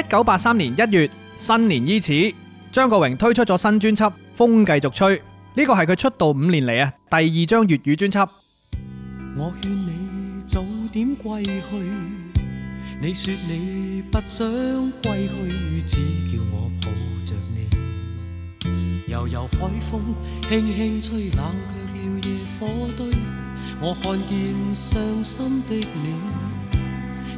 一九八三年一月，新年伊始，張國榮推出咗新專輯《風繼續吹》，呢個係佢出道五年嚟啊第二張粵語專輯。我勸你早點歸去，你說你不想歸去，只叫我抱着你。悠悠海風輕輕吹，冷卻了野火堆，我看見傷心的你。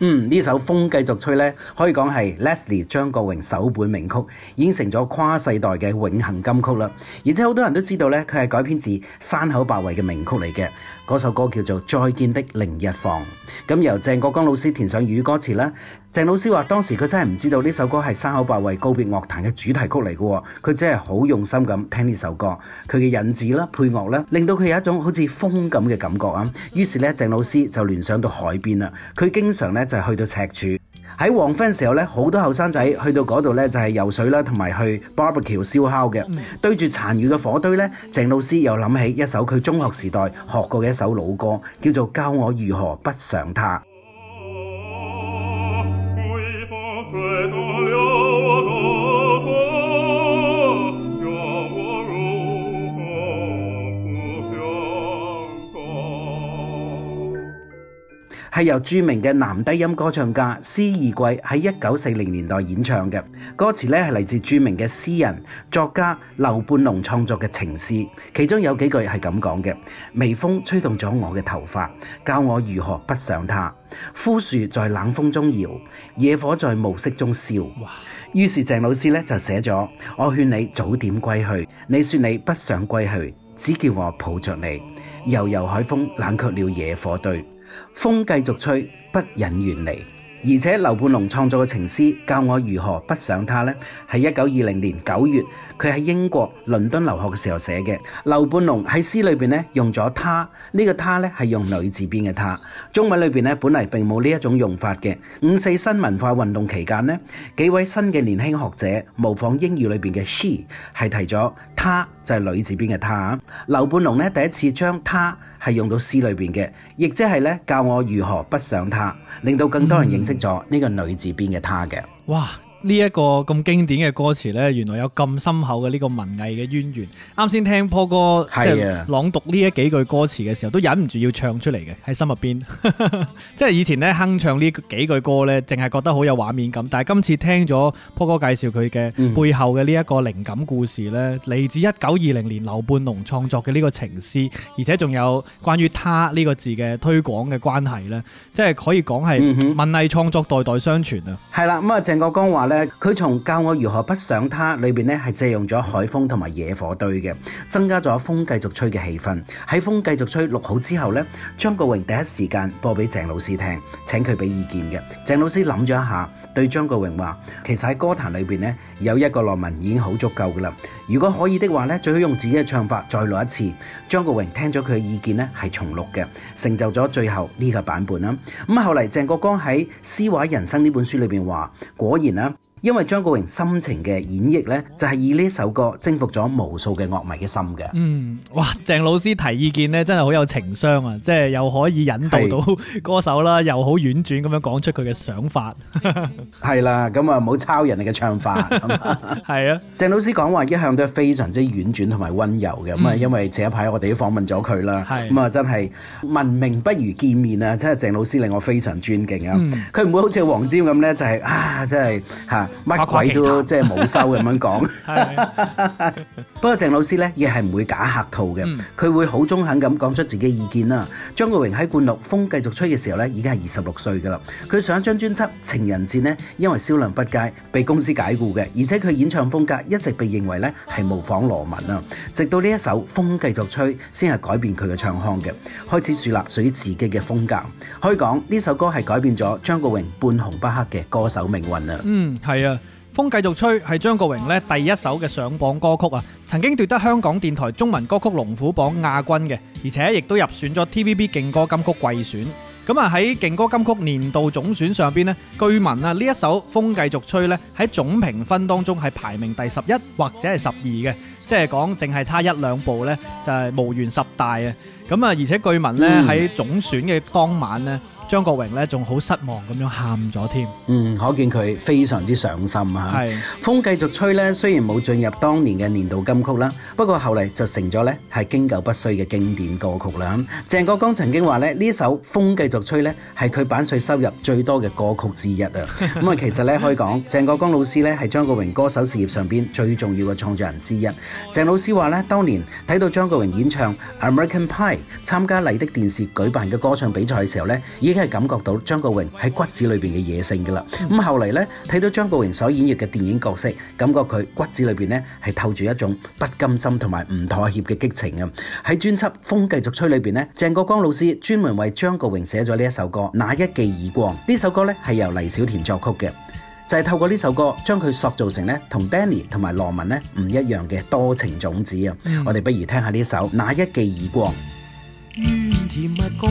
嗯，呢首風繼續吹咧，可以講係 Leslie 張國榮首本名曲，已經成咗跨世代嘅永恆金曲啦。而且好多人都知道咧，佢係改編自山口百惠嘅名曲嚟嘅，嗰首歌叫做《再見的另一方》。咁由鄭國江老師填上語歌詞啦。鄭老師話：當時佢真係唔知道呢首歌係山口百惠告別樂壇嘅主題曲嚟嘅。佢真係好用心咁聽呢首歌，佢嘅引子啦、配樂啦，令到佢有一種好似風咁嘅感覺啊。於是咧，鄭老師就聯想到海邊啦。佢經常咧就去到赤柱，喺黃昏嘅時候咧，好多後生仔去到嗰度咧就係游水啦，同埋去 barbecue 燒烤嘅，對住殘餘嘅火堆咧，鄭老師又諗起一首佢中學時代學過嘅一首老歌，叫做《教我如何不想他》。係由著名嘅男低音歌唱家斯義桂喺一九四零年代演唱嘅，歌詞咧係嚟自著名嘅詩人作家劉半農創作嘅情詩，其中有幾句係咁講嘅：微風吹動咗我嘅頭髮，教我如何不想他？枯樹在冷風中搖，野火在暮色中燒。於是鄭老師咧就寫咗：我勸你早點歸去，你說你不想歸去，只叫我抱着你。悠柔海風冷卻了野火堆。風繼續吹，不忍遠離。而且劉半農創作嘅情詩教我如何不想他呢？係一九二零年九月，佢喺英國倫敦留學嘅時候寫嘅。劉半農喺詩裏邊呢，用咗他呢個他呢，係用女字邊嘅他。中文裏邊呢，本嚟並冇呢一種用法嘅。五四新文化運動期間呢，幾位新嘅年輕學者模仿英語裏邊嘅 she，係提咗她就係女字邊嘅她。劉半農呢，第一次將他。是用到詩裏面嘅，亦即係教我如何不想他，令到更多人認識咗呢個女字邊嘅她嘅。哇！呢、這、一個咁經典嘅歌詞呢，原來有咁深厚嘅呢個文藝嘅淵源。啱先聽 Paul 哥朗讀呢一幾句歌詞嘅時候，都忍唔住要唱出嚟嘅，喺心入邊。即係以前呢，哼唱呢幾句歌呢，淨係覺得好有畫面感。但係今次聽咗 Paul 哥介紹佢嘅背後嘅呢一個靈感故事呢，嚟自一九二零年劉半農創作嘅呢個情詩，而且仲有關於他呢個字嘅推廣嘅關係呢。即係可以講係文藝創作代代相傳啊。係啦，咁啊鄭國江話呢。佢從教我如何不想他裏邊咧，係借用咗海風同埋野火堆嘅，增加咗風繼續吹嘅氣氛。喺風繼續吹錄好之後咧，張國榮第一時間播俾鄭老師聽，請佢俾意見嘅。鄭老師諗咗一下，對張國榮話：其實喺歌壇裏邊咧，有一個羅文已經好足夠噶啦。如果可以的話咧，最好用自己嘅唱法再錄一次。張國榮聽咗佢嘅意見咧，係重錄嘅，成就咗最後呢個版本啦。咁後嚟鄭國江喺《詩畫人生》呢本書裏邊話：果然啦。因為張國榮深情嘅演繹呢，就係以呢首歌征服咗無數嘅樂迷嘅心嘅。嗯，哇，鄭老師提意見呢，真係好有情商啊！即係又可以引導到歌手啦，又好婉轉咁樣講出佢嘅想法。係 啦，咁啊，唔好抄人哋嘅唱法。係 啊是的，鄭 老師講話一向都係非常之婉轉同埋溫柔嘅。咁、嗯、啊，因為前一排我哋都訪問咗佢啦。咁啊、嗯，真係聞名不如見面啊！真係鄭老師令我非常尊敬啊。佢、嗯、唔會好似黃沾咁呢，就係、是、啊，真係吓。啊乜鬼都即係冇收咁樣講。不過鄭老師呢，亦係唔會假客套嘅，佢會好中肯咁講出自己意見啦。張國榮喺《灌錄風繼續吹》嘅時候呢，已經係二十六歲噶啦。佢上一張專輯《情人節》呢，因為銷量不佳，被公司解雇嘅。而且佢演唱風格一直被認為呢係模仿羅文啊。直到呢一首《風繼續吹》先係改變佢嘅唱腔嘅，開始樹立屬於自己嘅風格。可以講呢首歌係改變咗張國榮半紅不黑嘅歌手命運啊。嗯，係。係啊，風繼續吹係張國榮咧第一首嘅上榜歌曲啊，曾經奪得香港電台中文歌曲龍虎榜亞軍嘅，而且亦都入選咗 TVB 勁歌金曲季選。咁啊喺勁歌金曲年度總選上邊咧，據聞啊呢一首風繼續吹咧喺總評分當中係排名第十一或者係十二嘅，即係講淨係差一兩步咧就係無緣十大啊。咁啊而且據聞咧喺總選嘅當晚咧。張國榮咧仲好失望咁樣喊咗添，嗯，可見佢非常之上心啊！風繼續吹咧，雖然冇進入當年嘅年度金曲啦，不過後嚟就成咗咧係經久不衰嘅經典歌曲啦！鄭國江曾經話咧，呢首《風繼續吹》咧係佢版稅收入最多嘅歌曲之一啊！咁啊，其實咧可以講，鄭國江老師咧係張國榮歌手事業上邊最重要嘅創作人之一。鄭老師話咧，當年睇到張國榮演唱《American Pie》，參加麗的電視舉辦嘅歌唱比賽嘅時候咧，因為感覺到張國榮喺骨子裏邊嘅野性噶啦，咁、嗯、後嚟呢，睇到張國榮所演繹嘅電影角色，感覺佢骨子裏邊呢係透住一種不甘心同埋唔妥協嘅激情啊！喺專輯《風繼續吹》裏邊呢，鄭國江老師專門為張國榮寫咗呢一首歌《那一記耳光》。呢首歌呢係由黎小田作曲嘅，就係、是、透過呢首歌將佢塑造成呢同 Danny 同埋羅文呢唔一樣嘅多情種子啊、嗯！我哋不如聽下呢首《那一記耳光》。嗯甜蜜共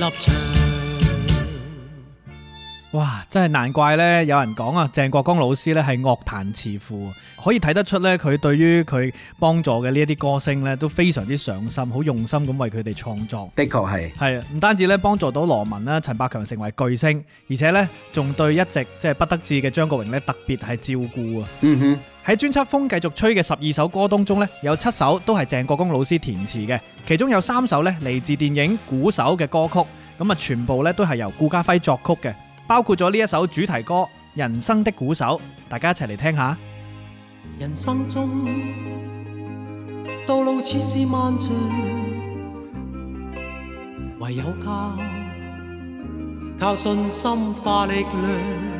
立場哇，真係難怪咧，有人講啊，鄭國江老師咧係樂壇慈父，可以睇得出咧，佢對於佢幫助嘅呢一啲歌星咧都非常之上心，好用心咁為佢哋創作。的確係係啊，唔單止咧幫助到羅文啦、陳百強成為巨星，而且咧仲對一直即係不得志嘅張國榮咧特別係照顧啊。嗯哼。喺專輯風繼續吹嘅十二首歌當中呢，有七首都係鄭國江老師填詞嘅。其中有三首呢嚟自電影《鼓手》嘅歌曲，咁啊全部呢都係由顧嘉輝作曲嘅，包括咗呢一首主題歌《人生的鼓手》，大家一齊嚟聽下。人生中道路似是漫長，唯有靠靠信心化力量。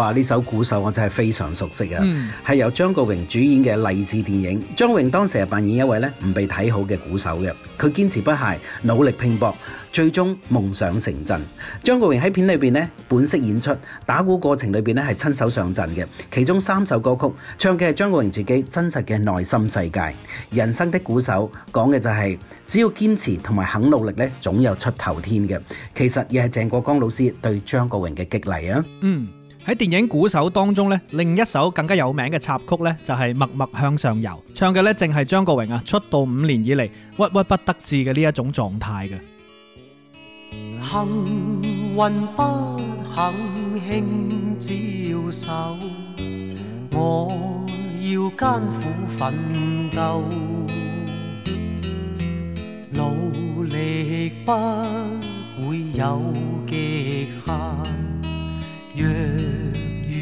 話呢首鼓手我真係非常熟悉啊，係、嗯、由張國榮主演嘅勵志電影。張國榮當時係扮演一位咧唔被睇好嘅鼓手嘅，佢堅持不懈，努力拼搏，最終夢想成真。張國榮喺片裏邊呢本色演出，打鼓過程裏邊呢係親手上陣嘅。其中三首歌曲唱嘅係張國榮自己真實嘅內心世界。人生的鼓手講嘅就係只要堅持同埋肯努力咧，總有出頭天嘅。其實亦係鄭國江老師對張國榮嘅激勵啊。嗯。喺電影《鼓手》當中咧，另一首更加有名嘅插曲咧，就係《默默向上游》，唱嘅咧，正係張國榮啊出道五年以嚟鬱鬱不得志嘅呢一種狀態嘅。幸運不肯輕招手，我要艱苦奮鬥，努力不會有極限，若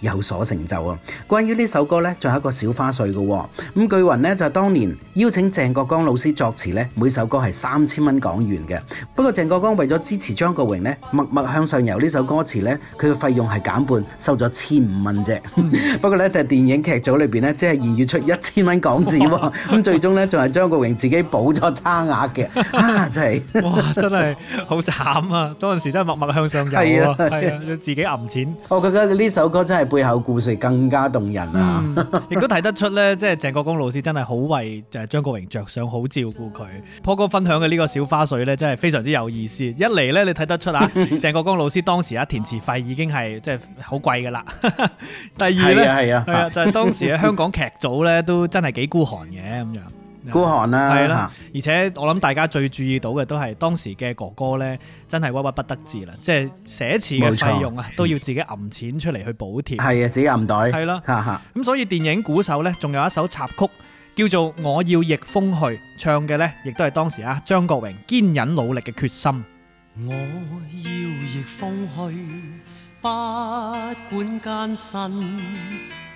有所成就啊！關於呢首歌呢，仲有一個小花絮嘅、哦。咁據聞呢，就係、是、當年邀請鄭國江老師作詞呢，每首歌係三千蚊港元嘅。不過鄭國江為咗支持張國榮呢，默默向上游。呢首歌詞呢，佢嘅費用係減半，收咗千五蚊啫。 不過呢，就係電影劇組裏邊呢，即係二月出一千蚊港紙喎。咁最終呢，仲係張國榮自己補咗差額嘅。啊，真、就、係、是、哇，真係好慘啊！當時真係默默向上游。啊，係啊，啊，啊，要自己揞錢。我覺得呢首歌真係～背後故事更加動人啊、嗯！亦都睇得出咧，即係鄭國江老師真係好為就係張國榮着想，好照顧佢。頗哥分享嘅呢個小花絮咧，真係非常之有意思。一嚟咧，你睇得出啊，鄭 國江老師當時啊填詞費已經係即係好貴噶啦。 第二咧，係啊，係啊，就係、是、當時嘅香港劇組咧，都真係幾孤寒嘅咁樣。孤寒啦，係啦，而且我諗大家最注意到嘅都係當時嘅哥哥呢，真係鬱鬱不得志啦，即係寫詞嘅費用啊，都要自己揞錢出嚟去補貼，係啊，自己揞袋，係啦，咁所以電影《鼓手》呢，仲有一首插曲叫做《我要逆風去》，唱嘅呢亦都係當時啊張國榮堅忍努力嘅決心。我要逆風去，不管艱辛。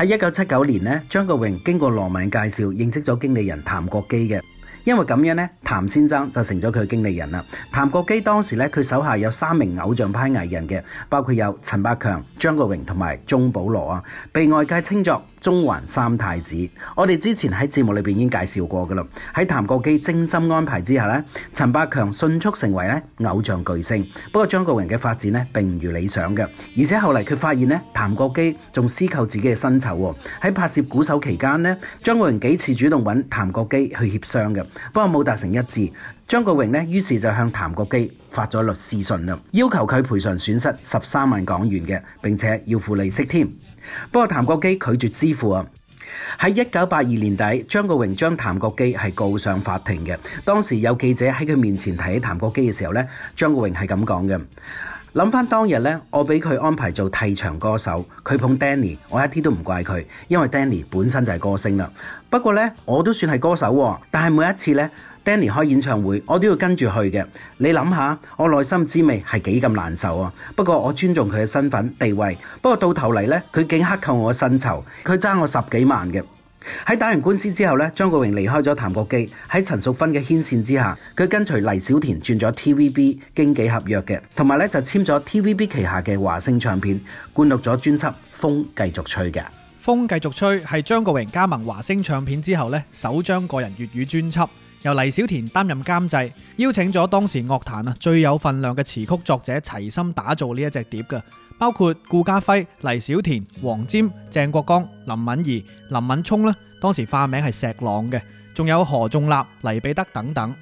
喺一九七九年咧，張國榮經過羅文介紹認識咗經理人譚國基嘅，因為咁樣咧，譚先生就成咗佢嘅經理人啦。譚國基當時咧，佢手下有三名偶像派藝人嘅，包括有陳百強、張國榮同埋鍾保羅啊，被外界稱作。中環三太子，我哋之前喺節目裏邊已經介紹過㗎啦。喺譚國基精心安排之下呢，陳百強迅速成為咧偶像巨星。不過張國榮嘅發展呢，並唔如理想嘅，而且後嚟佢發現呢，譚國基仲私扣自己嘅薪酬喎。喺拍攝《鼓手》期間呢，張國榮幾次主動揾譚國基去協商嘅，不過冇達成一致。張國榮呢於是就向譚國基發咗律師信啦，要求佢賠償損失十三萬港元嘅，並且要付利息添。不過譚國基拒絕支付啊！喺一九八二年底，張國榮將譚國基係告上法庭嘅。當時有記者喺佢面前提起譚國基嘅時候咧，張國榮係咁講嘅。諗翻當日咧，我俾佢安排做替場歌手，佢捧 Danny，我一啲都唔怪佢，因為 Danny 本身就係歌星啦。不過咧，我都算係歌手，但係每一次咧。Danny 開演唱會，我都要跟住去嘅。你諗下，我內心滋味係幾咁難受啊！不過我尊重佢嘅身份地位。不過到頭嚟呢，佢竟克扣我嘅薪酬，佢爭我十幾萬嘅。喺打完官司之後呢，張國榮離開咗譚國基，喺陳淑芬嘅牽線之下，佢跟隨黎小田轉咗 TVB 經紀合約嘅，同埋咧就簽咗 TVB 旗下嘅華星唱片，灌錄咗專輯《風繼續吹》嘅。《風繼續吹》係張國榮加盟華星唱片之後呢首張個人粵語專輯。由黎小田擔任監製，邀請咗當時樂壇啊最有份量嘅詞曲作者齊心打造呢一隻碟嘅，包括顧家輝、黎小田、黃沾、鄭國江、林敏怡、林敏聰呢當時化名係石朗嘅，仲有何仲立、黎彼得等等。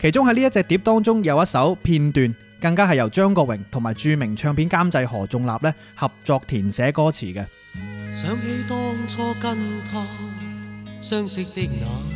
其中喺呢一隻碟當中有一首片段，更加係由張國榮同埋著名唱片監製何仲立呢合作填寫歌詞嘅。想起當初跟他相識的那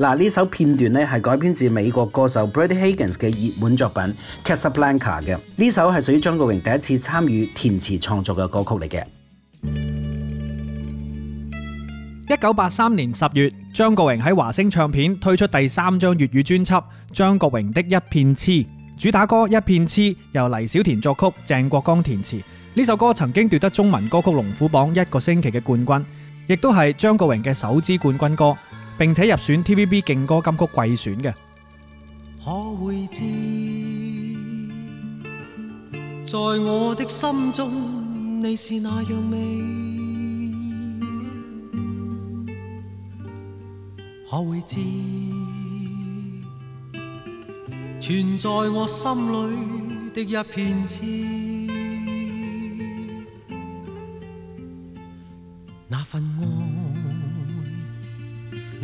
嗱，呢首片段咧係改編自美國歌手 Brady Higgins 嘅熱門作品《Casablanca》嘅。呢首係屬於張國榮第一次參與填詞創作嘅歌曲嚟嘅。一九八三年十月，張國榮喺華星唱片推出第三張粵語專輯《張國榮的一片痴》，主打歌《一片痴》由黎小田作曲、鄭國江填詞。呢首歌曾經奪得中文歌曲龍虎榜一個星期嘅冠軍，亦都係張國榮嘅首支冠軍歌。並且入選 TVB 勁歌金曲季選嘅。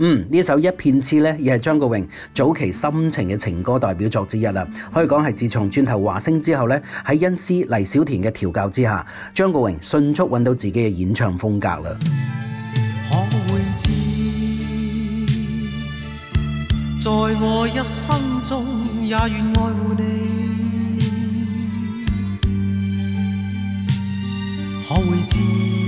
嗯，呢首《一片痴》呢，亦係張國榮早期深情嘅情歌代表作之一啦。可以講係自從轉投華星之後呢，喺恩師黎小田嘅調教之下，張國榮迅速揾到自己嘅演唱風格啦。可會知，在我一生中也願愛護你。可會知？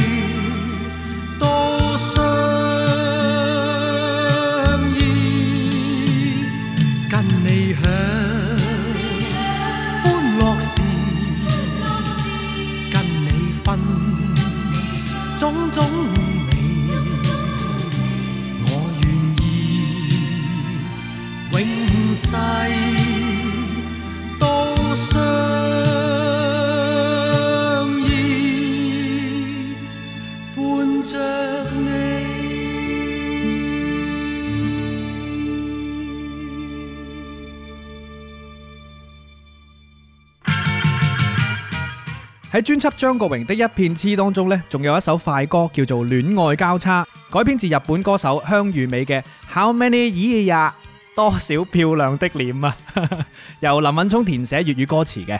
喺專輯張國榮的一片痴當中呢，仲有一首快歌叫做《戀愛交叉》，改編自日本歌手香玉美嘅《How Many Years》，多少漂亮的臉啊哈哈，由林敏聰填寫粵語歌詞嘅。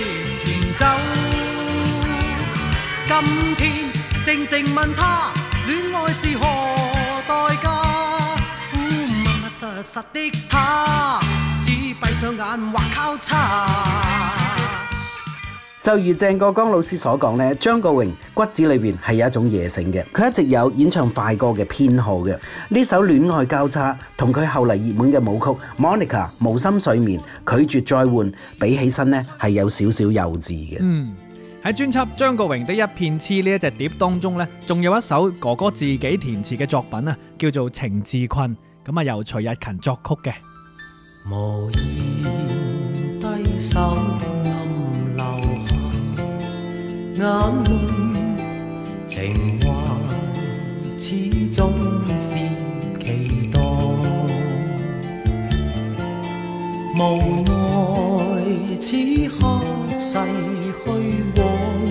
今天靜靜問他，戀愛是何代價？密密實實的他，只閉上眼畫交叉，就如鄭國江老師所講呢張國榮骨子裏邊係有一種野性嘅，佢一直有演唱快歌嘅偏好嘅。呢首《戀愛交叉》同佢後嚟熱門嘅舞曲《Monica》《無心睡眠》《拒絕再換》比起身呢係有少少幼稚嘅。嗯。喺專輯《張國榮的一片痴》呢一隻碟當中呢，仲有一首哥哥自己填詞嘅作品啊，叫做《情自困》。咁啊由徐日勤作曲嘅。無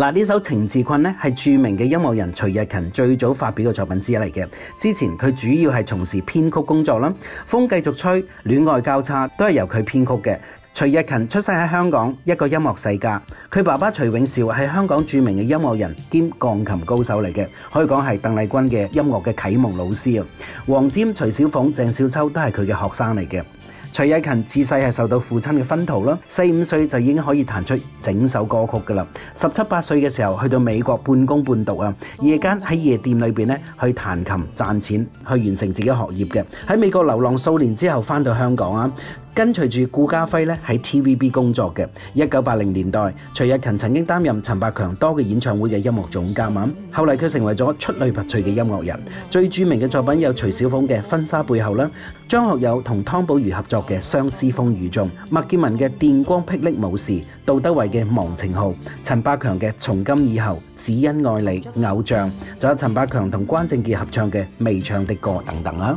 嗱，呢首《情自困》咧，係著名嘅音樂人徐日勤最早發表嘅作品之一嚟嘅。之前佢主要係從事編曲工作啦，《風繼續吹》、《戀愛交叉》都係由佢編曲嘅。徐日勤出世喺香港一個音樂世家，佢爸爸徐永兆係香港著名嘅音樂人兼鋼琴高手嚟嘅，可以講係鄧麗君嘅音樂嘅啟蒙老師啊。黃霑、徐小鳳、鄭少秋都係佢嘅學生嚟嘅。徐一勤自細係受到父親嘅熏陶啦，四五歲就已經可以彈出整首歌曲噶啦。十七八歲嘅時候去到美國半工半讀啊，夜間喺夜店裏邊咧去彈琴賺錢，去完成自己學業嘅。喺美國流浪數年之後，翻到香港啊。跟隨住顧家輝咧喺 TVB 工作嘅，一九八零年代，徐日勤曾經擔任陳百強多個演唱會嘅音樂總監，後嚟佢成為咗出類拔萃嘅音樂人。最著名嘅作品有徐小鳳嘅《婚紗背後》啦，張學友同湯寶如合作嘅《相思風雨中》，麥建文嘅《電光霹靂武士》，杜德偉嘅《忘情號》陳，陳百強嘅《從今以後》，只因愛你，偶像，仲有陳百強同關正傑合唱嘅《未唱的歌》等等啊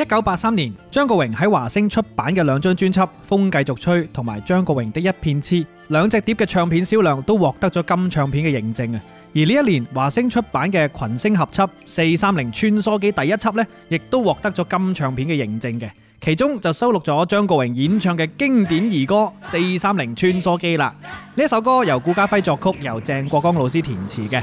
一九八三年，張國榮喺華星出版嘅兩張專輯《風繼續吹》同埋《張國榮的一片痴》，兩隻碟嘅唱片銷量都獲得咗金唱片嘅認證啊！而呢一年，華星出版嘅群星合輯《四三零穿梭機》第一輯呢，亦都獲得咗金唱片嘅認證嘅，其中就收錄咗張國榮演唱嘅經典兒歌《四三零穿梭機》啦。呢首歌由顧嘉輝作曲，由鄭國江老師填詞嘅。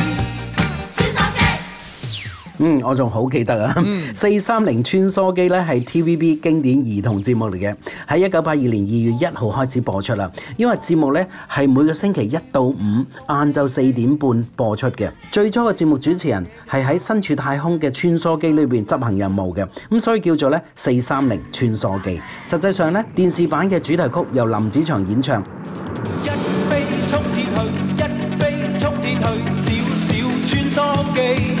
嗯，我仲好記得啊！四三零穿梭機咧係 TVB 經典兒童節目嚟嘅，喺一九八二年二月一號開始播出啦。因為節目咧係每個星期一到五晏晝四點半播出嘅。最初嘅節目主持人係喺身處太空嘅穿梭機裏邊執行任務嘅，咁所以叫做咧四三零穿梭機。實際上咧，電視版嘅主題曲由林子祥演唱。一飛沖天去，一飛沖天去，小小穿梭機。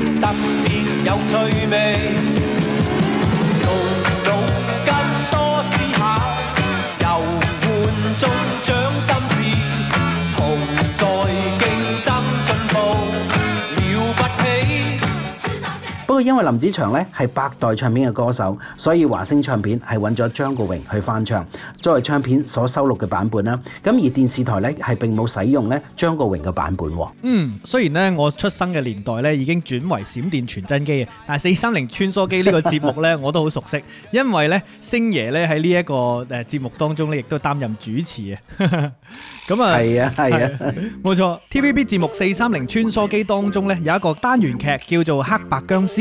因為林子祥咧係百代唱片嘅歌手，所以華星唱片係揾咗張國榮去翻唱。作為唱片所收錄嘅版本啦，咁而電視台咧係並冇使用咧張國榮嘅版本。嗯，雖然咧我出生嘅年代咧已經轉為閃電傳真機啊，但係四三零穿梭機呢個節目咧我都好熟悉，因為咧星爺咧喺呢一個誒節目當中咧亦都擔任主持 啊。咁啊，係啊，係啊，冇錯。T V B 節目四三零穿梭機當中咧有一個單元劇叫做《黑白僵屍》。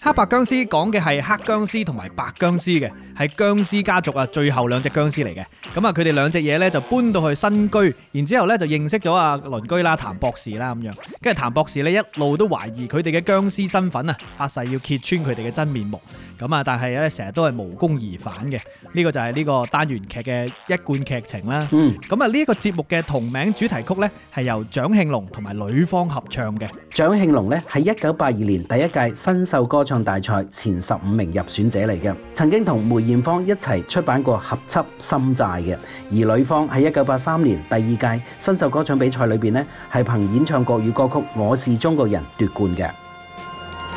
黑白僵屍講嘅係黑僵屍同埋白僵屍嘅，係僵屍家族啊，最後兩隻僵屍嚟嘅。咁啊，佢哋兩隻嘢咧就搬到去新居，然之後咧就認識咗阿鄰居啦，譚博士啦咁樣。跟住譚博士咧一路都懷疑佢哋嘅僵屍身份啊，發誓要揭穿佢哋嘅真面目。咁啊！但係咧，成日都係無功而返嘅。呢個就係呢個單元劇嘅一貫劇情啦。咁啊，呢一個節目嘅同名主題曲呢，係由蔣慶龍同埋呂方合唱嘅。蔣慶龍呢，係一九八二年第一屆新秀歌唱大賽前十五名入選者嚟嘅，曾經同梅艷芳一齊出版過合輯《心債》嘅。而呂方喺一九八三年第二屆新秀歌唱比賽裏邊呢，係憑演唱國語歌曲《我是中國人》奪冠嘅。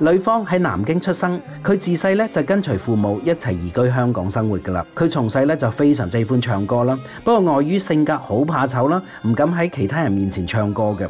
呂方喺南京出生，佢自細咧就跟隨父母一齊移居香港生活噶啦。佢從細咧就非常喜歡唱歌啦，不過礙於性格好怕醜啦，唔敢喺其他人面前唱歌嘅。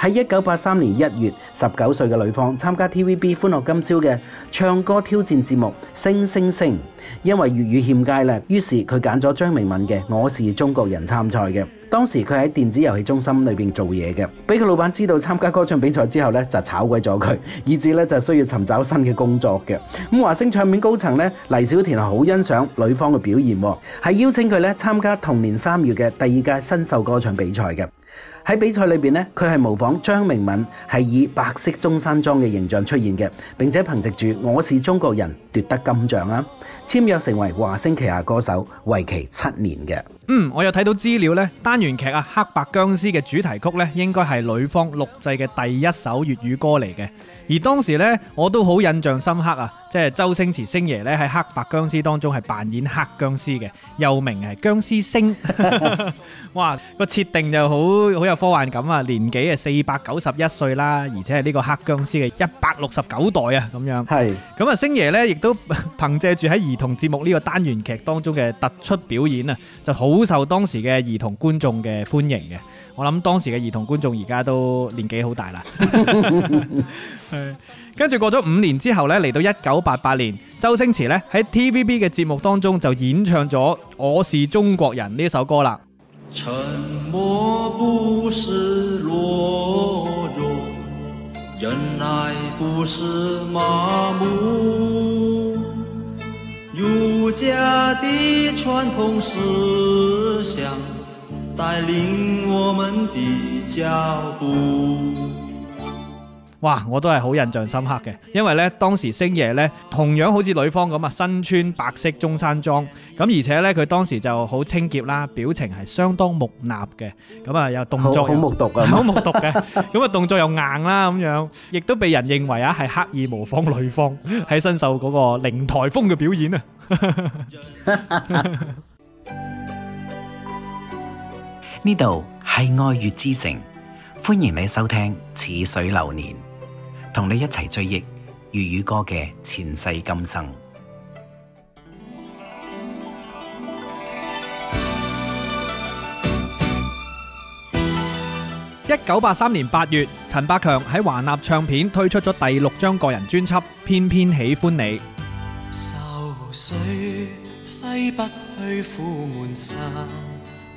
喺一九八三年一月，十九歲嘅呂方參加 TVB《歡樂今宵》嘅唱歌挑戰節目《星星星》，因為粵語欠佳咧，於是佢揀咗張明敏嘅《我是中國人》參賽嘅。當時佢喺電子遊戲中心裏邊做嘢嘅，俾佢老闆知道參加歌唱比賽之後咧，就炒鬼咗佢，以致咧就需要尋找新嘅工作嘅。咁華星唱片高層咧黎小田好欣賞呂方嘅表現，係邀請佢咧參加同年三月嘅第二屆新秀歌唱比賽嘅。喺比賽裏邊咧，佢係模仿張明敏，係以白色中山裝嘅形象出現嘅並且憑借住我是中國人奪得金獎啦簽約成為華星旗下歌手，為期七年嘅。嗯，我又睇到資料，呢單元劇啊《黑白僵屍》嘅主題曲呢，應該係呂方錄製嘅第一首粵語歌嚟嘅。而當時咧，我都好印象深刻啊！即係周星馳星爺咧喺《黑白殭屍》當中係扮演黑殭屍嘅，又名係殭屍星。哇，個設定就好好有科幻感啊！年紀係四百九十一歲啦，而且係呢個黑殭屍嘅一百六十九代啊，咁樣。係。咁啊，星爺咧亦都憑藉住喺兒童節目呢個單元劇當中嘅突出表演啊，就好受當時嘅兒童觀眾嘅歡迎嘅。我諗，當時嘅兒童觀眾而家都年紀好大啦，跟住過咗五年之後呢，嚟到一九八八年，周星馳呢喺 TVB 嘅節目當中就演唱咗《我是中國人》呢首歌啦。沉默不是懦弱，忍耐不是麻木，儒家的傳統思想。帶領我們的腳步哇，我都係好印象深刻嘅，因為咧當時星爺咧同樣好似呂方咁啊，身穿白色中山裝，咁而且咧佢當時就好清潔啦，表情係相當木訥嘅，咁啊有動作又好木獨嘅，咁 啊動作又硬啦咁樣，亦都被人認為啊係刻意模仿呂方喺新秀嗰個零台風嘅表演啊。 呢度係愛粵之城，歡迎你收聽《似水流年》，同你一齊追憶粵語歌嘅前世今生。一九八三年八月，陳百強喺華納唱片推出咗第六張個人專輯《偏偏喜歡你》。愁緒揮不去，苦悶散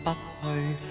不去。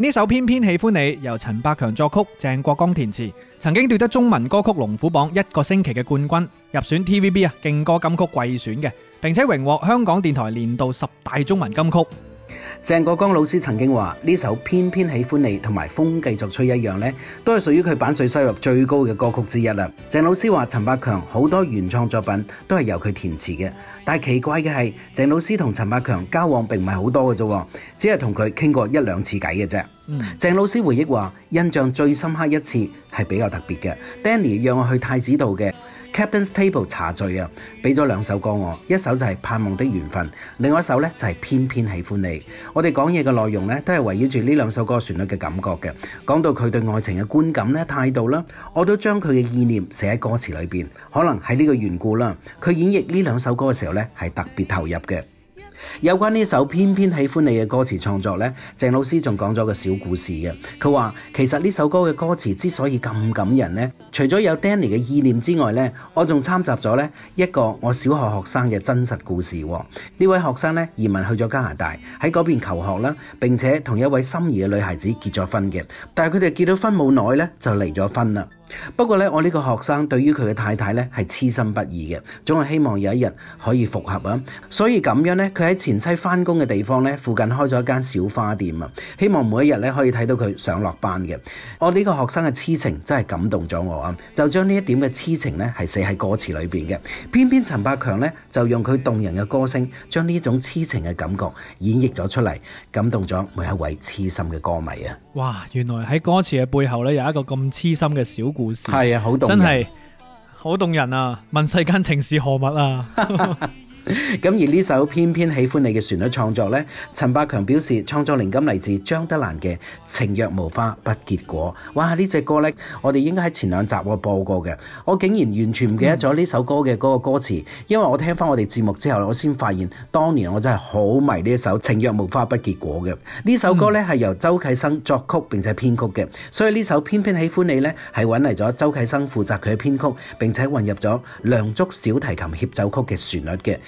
呢首《偏偏喜歡你》由陳百強作曲、鄭國江填詞，曾經奪得中文歌曲龍虎榜一個星期嘅冠軍，入選 TVB 啊勁歌金曲季選嘅，並且榮獲香港電台年度十大中文金曲。鄭國江老師曾經話呢首《偏偏喜歡你》同埋《風繼續吹》一樣呢，都係屬於佢版稅收入最高嘅歌曲之一啦。鄭老師話陳百強好多原創作品都係由佢填詞嘅，但係奇怪嘅係鄭老師同陳百強交往並唔係好多嘅啫，只係同佢傾過一兩次偈嘅啫。鄭、嗯、老師回憶話，印象最深刻一次係比較特別嘅、嗯、，Danny 讓我去太子道嘅。Captain's Table 茶醉啊，俾咗兩首歌我，一首就係、是《盼望的緣分》，另外一首咧就係、是《偏偏喜歡你》。我哋講嘢嘅內容咧，都係圍繞住呢兩首歌旋律嘅感覺嘅。講到佢對愛情嘅觀感咧、態度啦，我都將佢嘅意念寫喺歌詞裏面。可能喺呢個緣故啦，佢演繹呢兩首歌嘅時候咧，係特別投入嘅。有關呢首偏偏喜歡你嘅歌詞創作呢，鄭老師仲講咗個小故事嘅。佢話其實呢首歌嘅歌詞之所以咁感人呢，除咗有 Danny 嘅意念之外呢，我仲參雜咗呢一個我小學學生嘅真實故事。呢位學生呢，移民去咗加拿大，喺嗰邊求學啦，並且同一位心儀嘅女孩子結咗婚嘅，但係佢哋結咗婚冇耐呢，就離咗婚啦。不過咧，我呢個學生對於佢嘅太太咧係痴心不二嘅，總係希望有一日可以復合啊！所以咁樣呢，佢喺前妻翻工嘅地方咧，附近開咗一間小花店啊，希望每一日咧可以睇到佢上落班嘅。我呢個學生嘅痴情真係感動咗我啊！就將呢一點嘅痴情咧係寫喺歌詞裏邊嘅，偏偏陳百強咧就用佢動人嘅歌聲，將呢種痴情嘅感覺演繹咗出嚟，感動咗每一位痴心嘅歌迷啊！哇，原來喺歌詞嘅背後咧有一個咁痴心嘅小。係啊，人真係好動人啊！問世間情是何物啊！ 咁而呢首偏偏喜歡你嘅旋律創作呢，陳百強表示創作靈感嚟自張德蘭嘅《情若無花不結果》。哇！呢隻歌呢，我哋應該喺前兩集我播過嘅，我竟然完全唔記得咗呢首歌嘅嗰個歌詞，因為我聽翻我哋節目之後，我先發現當年我真係好迷呢一首《情若無花不結果》嘅。呢首歌呢係由周啟生作曲並且編曲嘅，所以呢首偏偏喜歡你呢係揾嚟咗周啟生負責佢嘅編曲，並且混入咗梁祝小提琴協奏曲嘅旋律嘅。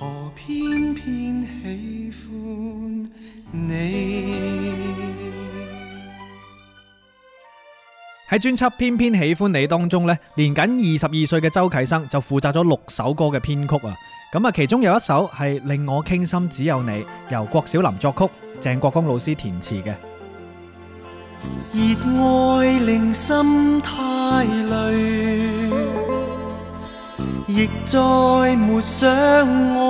何偏偏喜歡你？喺專輯《偏偏喜歡你》當中咧，年僅二十二歲嘅周啟生就負責咗六首歌嘅編曲啊！咁啊，其中有一首係《令我傾心只有你》，由郭小霖作曲，鄭國江老師填詞嘅。熱愛令心太累，亦再沒想愛。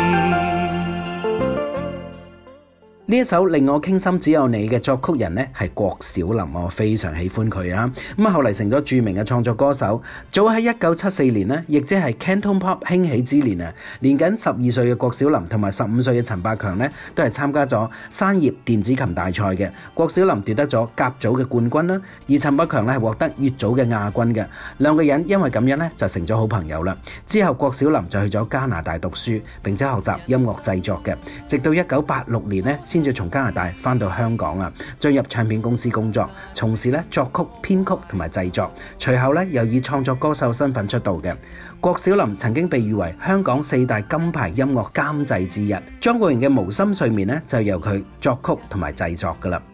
呢一首令我傾心只有你嘅作曲人呢係郭小霖，我非常喜歡佢啊！咁啊後嚟成咗著名嘅創作歌手。早喺一九七四年呢，亦即係 Canton Pop 興起之年啊，年僅十二歲嘅郭小霖同埋十五歲嘅陳百強呢，都係參加咗山葉電子琴大賽嘅。郭小霖奪得咗甲組嘅冠軍啦，而陳百強呢係獲得乙組嘅亞軍嘅。兩個人因為咁樣呢，就成咗好朋友啦。之後郭小霖就去咗加拿大讀書，並且學習音樂製作嘅。直到一九八六年呢先。跟住從加拿大返到香港啊，進入唱片公司工作，從事咧作曲、編曲同埋製作。隨後咧又以創作歌手身份出道嘅郭小霖，曾經被譽為香港四大金牌音樂監製之一。張國榮嘅《無心睡眠》咧就由佢作曲同埋製作㗎喇。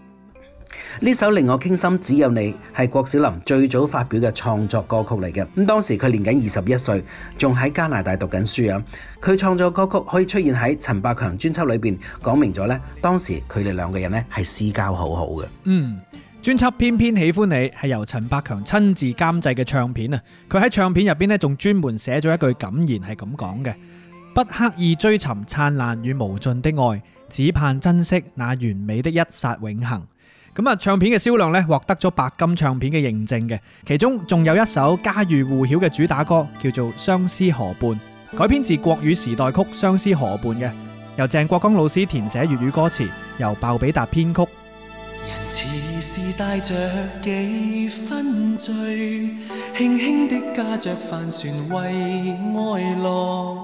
呢首令我傾心，只有你係郭小霖最早發表嘅創作歌曲嚟嘅。咁當時佢年僅二十一歲，仲喺加拿大讀緊書啊。佢創作歌曲可以出現喺陳百強專輯裏邊，講明咗呢當時佢哋兩個人咧係私交好好嘅。嗯，專輯偏偏喜歡你係由陳百強親自監製嘅唱片啊。佢喺唱片入邊咧，仲專門寫咗一句感言是這樣的，係咁講嘅：不刻意追尋燦爛與無盡的愛，只盼珍惜那完美的一剎永恒。咁啊，唱片嘅銷量咧獲得咗白金唱片嘅認證嘅，其中仲有一首家喻戶曉嘅主打歌，叫做《相思河畔》，改編自國語時代曲《相思河畔》嘅，由鄭國江老師填寫粵語歌詞，由鮑比達編曲。人似是帶着幾分醉，輕輕的架着帆船為愛落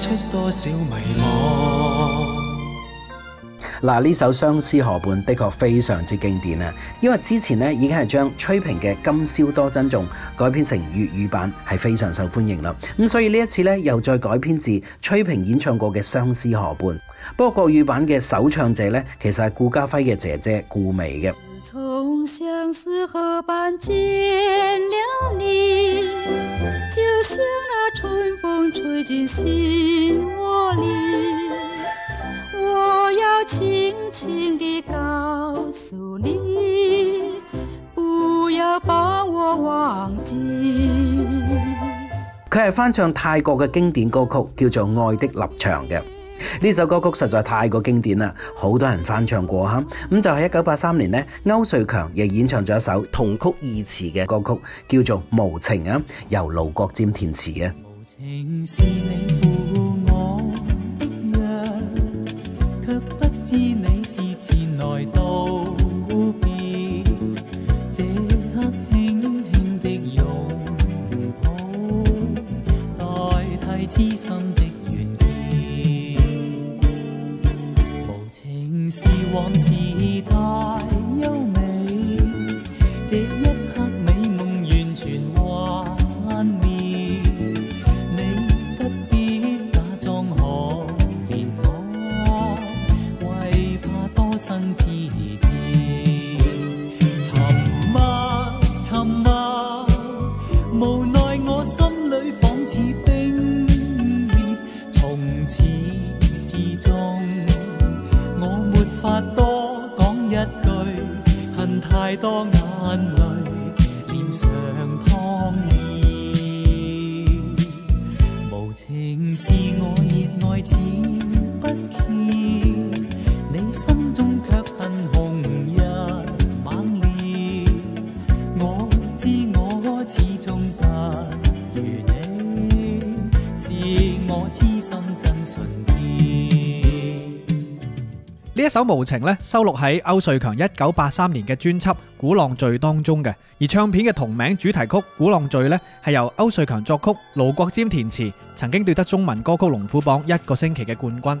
出多少迷惘。嗱，呢首《相思河畔》的確非常之經典啊！因為之前咧已經係將崔萍嘅《今宵多珍重》改編成粵語版，係非常受歡迎啦。咁所以呢一次咧又再改編自崔萍演唱過嘅《相思河畔》，不過國語版嘅首唱者呢，其實係顧嘉輝嘅姐姐顧媚嘅。從相思河畔見了你，就像那春風吹進心窩裏。我要輕輕地告訴你，不要把我忘記。佢係翻唱泰國嘅經典歌曲，叫做《愛的立場》嘅。呢首歌曲實在太過經典啦，好多人翻唱過啊！咁就喺一九八三年呢，區瑞強亦演唱咗一首同曲異詞嘅歌曲，叫做《無情》啊，由盧國沾填詞啊。無情是你首《無情》呢，收錄喺區瑞強1983年嘅專輯《鼓浪嶼》當中嘅，而唱片嘅同名主題曲《鼓浪嶼》呢係由區瑞強作曲、盧國沾填詞，曾經奪得中文歌曲龍虎榜一個星期嘅冠軍。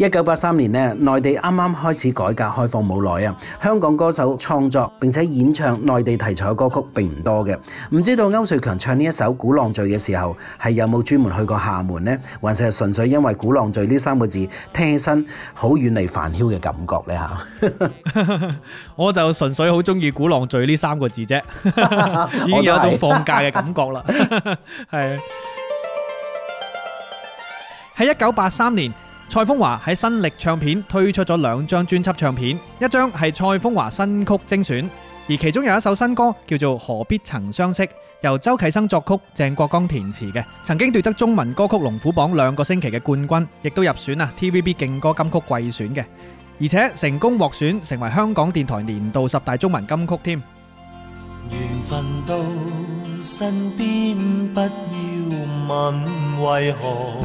一九八三年咧，內地啱啱開始改革開放冇耐啊，香港歌手創作並且演唱內地題材嘅歌曲並唔多嘅。唔知道區瑞強唱呢一首《鼓浪嶼》嘅時候，係有冇專門去過廈門呢？還是係純粹因為《鼓浪嶼》呢三個字聽起身好遠離煩囂嘅感覺呢？嚇 我就純粹好中意《鼓浪嶼》呢三個字啫，已 經有種放假嘅感覺啦。係喺一九八三年。蔡楓華喺新力唱片推出咗兩張專輯唱片，一張係蔡楓華新曲精選，而其中有一首新歌叫做《何必曾相識》，由周啟生作曲、鄭國江填詞嘅，曾經奪得中文歌曲龍虎榜兩個星期嘅冠軍，亦都入選啊 TVB 勁歌金曲季選嘅，而且成功獲選成為香港電台年度十大中文金曲添。緣分到身邊，不要問為何。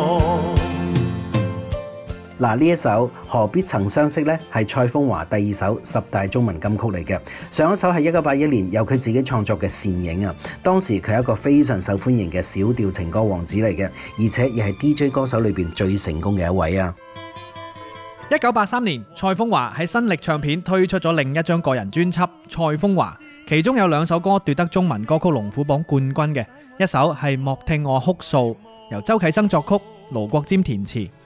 嗱，呢一首何必曾相識呢，係蔡楓華第二首十大中文金曲嚟嘅。上一首係一九八一年由佢自己創作嘅《倩影》啊，當時佢係一個非常受歡迎嘅小調情歌王子嚟嘅，而且亦係 DJ 歌手裏邊最成功嘅一位啊。一九八三年，蔡楓華喺新力唱片推出咗另一張個人專輯《蔡楓華》，其中有兩首歌奪得中文歌曲龍虎榜冠軍嘅，一首係《莫聽我哭訴》，由周啟生作曲，盧國沾填詞。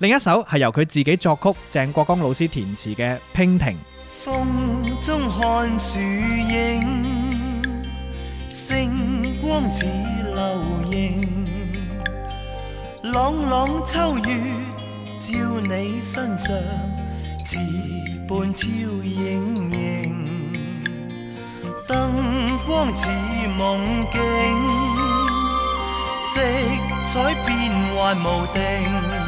另一首係由佢自己作曲，鄭國江老師填詞嘅《娉婷》。風中看樹影，星光似流螢，朗朗秋月照你身上，似伴超影影。燈光似夢境，色彩變幻無定。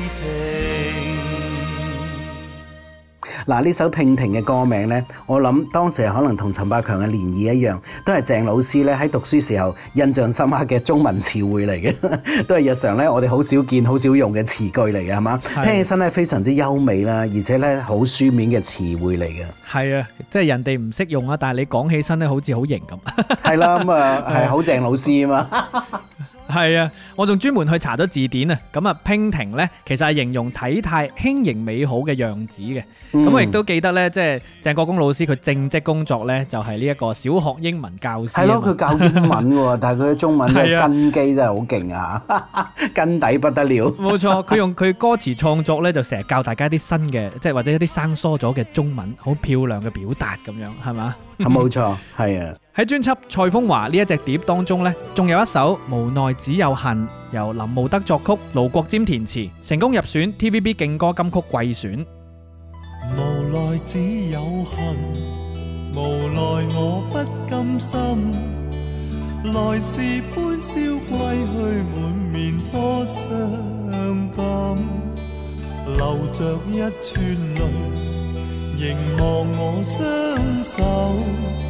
嗱，呢首娉婷嘅歌名呢，我諗當時可能同陳百強嘅《漣漪》一樣，都係鄭老師咧喺讀書時候印象深刻嘅中文詞彙嚟嘅，都係日常呢，我哋好少見、好少用嘅詞句嚟嘅，係嘛、啊？聽起身呢，非常之優美啦，而且呢，好書面嘅詞彙嚟嘅。係啊，即係人哋唔識用 啊，但係你講起身呢，好似好型咁。係啦，咁啊係好鄭老師啊嘛。 係啊，我仲專門去查咗字典啊，咁啊，娉婷咧，其實係形容體態輕盈美好嘅樣子嘅。咁、嗯、我亦都記得咧，即係鄭國江老師佢正職工作咧，就係呢一個小學英文教師。係咯，佢教英文嘅， 但係佢嘅中文根基真係好勁啊，根的 底不得了。冇 錯，佢用佢歌詞創作咧，就成日教大家啲新嘅，即係或者一啲生疏咗嘅中文，好漂亮嘅表達咁樣，係嘛？係冇錯，係啊。喺專輯《蔡楓華》呢一隻碟當中呢，仲有一首《無奈只有恨》，由林慕德作曲，盧國沾填詞，成功入選 TVB 勁歌金曲季選。無奈只有恨，無奈我不甘心，來時歡笑歸去滿面多傷感，流着一串淚，凝望我雙手。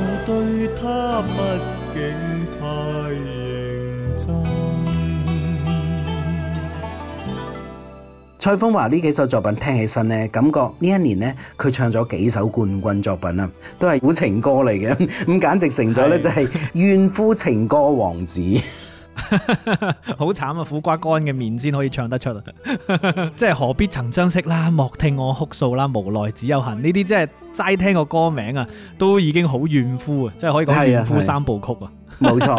太認真。蔡楓華呢幾首作品聽起身呢，感覺呢一年呢，佢唱咗幾首冠軍作品啊，都係苦情歌嚟嘅，咁簡直成咗呢、就是，就係怨夫情歌王子。 好 慘啊！苦瓜乾嘅面先可以唱得出，啊。即係何必曾相識啦， 莫聽我哭訴啦， 無奈只有恨。呢啲真係齋聽個歌名啊，都已經好怨夫啊，即係可以講怨夫三部曲啊。冇錯，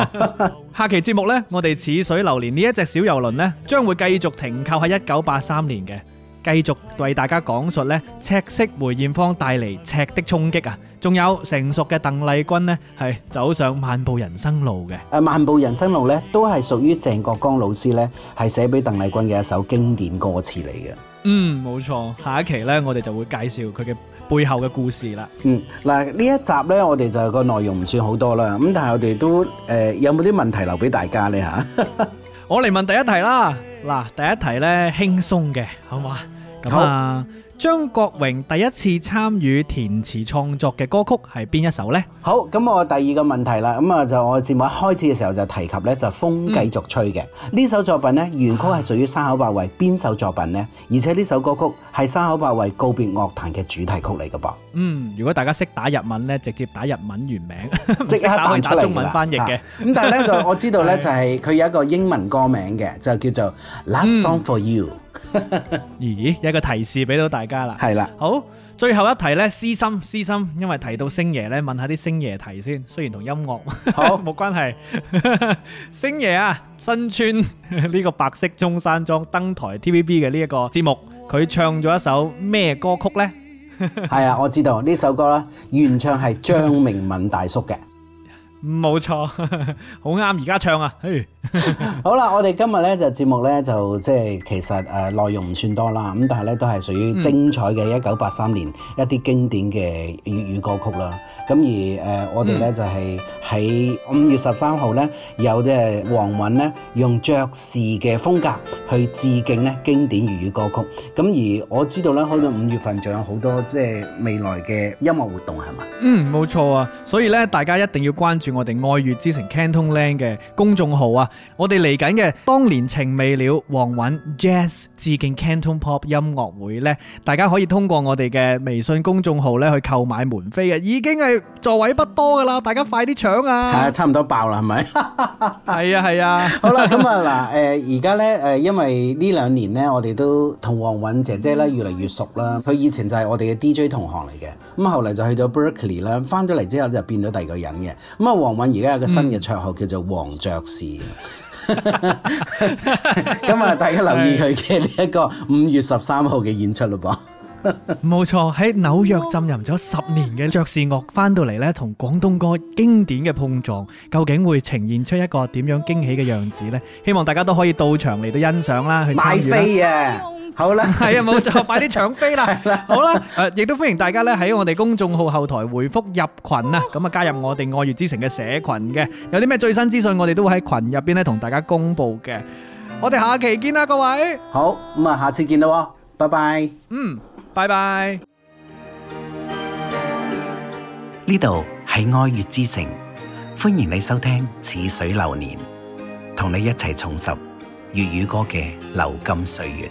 下期節目呢，我哋似水流年呢一隻小遊輪呢，將會繼續停靠喺一九八三年嘅。繼續為大家講述咧，赤色梅艷芳帶嚟赤的衝擊啊！仲有成熟嘅鄧麗君呢，係走上《漫步人生路》嘅。誒，《漫步人生路》咧都係屬於鄭國江老師咧，係寫俾鄧麗君嘅一首經典歌詞嚟嘅。嗯，冇錯。下一期咧，我哋就會介紹佢嘅背後嘅故事啦。嗯，嗱，呢一集咧，我哋就個內容唔算好多啦。咁但係我哋都誒、呃、有冇啲問題留俾大家咧吓？ 我嚟問第一題啦。嗱，第一題咧輕鬆嘅，好嘛？咁啊，張國榮第一次參與填詞創作嘅歌曲係邊一首呢？好，咁我第二個問題啦，咁啊就我節目一開始嘅時候就提及呢，就風繼續吹嘅呢、嗯、首作品呢原曲係屬於山口百惠邊首作品呢？而且呢首歌曲係山口百惠告別樂壇嘅主題曲嚟噶噃。嗯，如果大家識打日文呢，直接打日文原名，即刻 打中文翻譯嘅。咁、啊嗯、但係呢，就我知道呢，就係、是、佢有一個英文歌名嘅，就叫做、The、Last Song for You。嗯 咦，有一個提示俾到大家啦，係啦，好，最後一題呢，私心私心，因為提到星爺呢，問下啲星爺題先，雖然同音樂好冇關係，星爺啊，身穿呢個白色中山裝登台 TVB 嘅呢一個節目，佢唱咗一首咩歌曲呢？係啊，我知道呢首歌啦，原唱係張明敏大叔嘅，冇 錯，好啱而家唱啊，嘿。 好啦，我哋今日咧就節目咧就即係其實誒內、呃、容唔算多啦，咁但係咧都係屬於精彩嘅一九八三年一啲經典嘅粵語歌曲啦。咁、嗯、而誒、呃、我哋咧就係喺五月十三號咧有即係黃韻呢，咧、嗯、用爵士嘅風格去致敬咧經典粵語歌曲。咁而我知道咧，開到五月份仲有好多即係未來嘅音樂活動係嘛？嗯，冇錯啊，所以咧大家一定要關注我哋愛粵之城 Canton Land 嘅公眾號啊！我哋嚟緊嘅《當年情未了》黃韻 Jazz 致敬 Canton Pop 音樂會呢，大家可以通過我哋嘅微信公眾號去購買門飛，已經係座位不多噶啦，大家快啲搶啊！係、嗯、 啊，差唔多爆啦，係咪？係啊，係啊。好啦，咁啊嗱，誒、呃，而家呢，誒，因為呢兩年呢，我哋都同黃韻姐姐呢越嚟越熟啦。佢以前就係我哋嘅 DJ 同行嚟嘅，咁後嚟就去咗 Berkeley 啦，翻咗嚟之後就變咗第二個人嘅。咁啊，黃韻而家有個新嘅綽號、嗯、叫做黃爵士。今 日大家留意佢嘅呢一個五月十三號嘅演出咯噃 冇錯，喺紐約浸淫咗十年嘅爵士樂翻到嚟呢，同廣東歌經典嘅碰撞，究竟會呈現出一個點樣驚喜嘅樣子呢？希望大家都可以到場嚟到欣賞啦，去參與好啦，係啊，冇錯，快啲搶飛啦！好啦，誒，亦都歡迎大家咧喺我哋公眾號後台回覆入群啊，咁啊加入我哋愛粵之城嘅社群嘅。有啲咩最新資訊，我哋都會喺群入邊咧同大家公布嘅。我哋下期見啦，各位好，咁啊，下次見啦，拜拜。嗯，拜拜。呢度係愛粵之城，歡迎你收聽《似水流年》，同你一齊重拾粵語歌嘅流金歲月。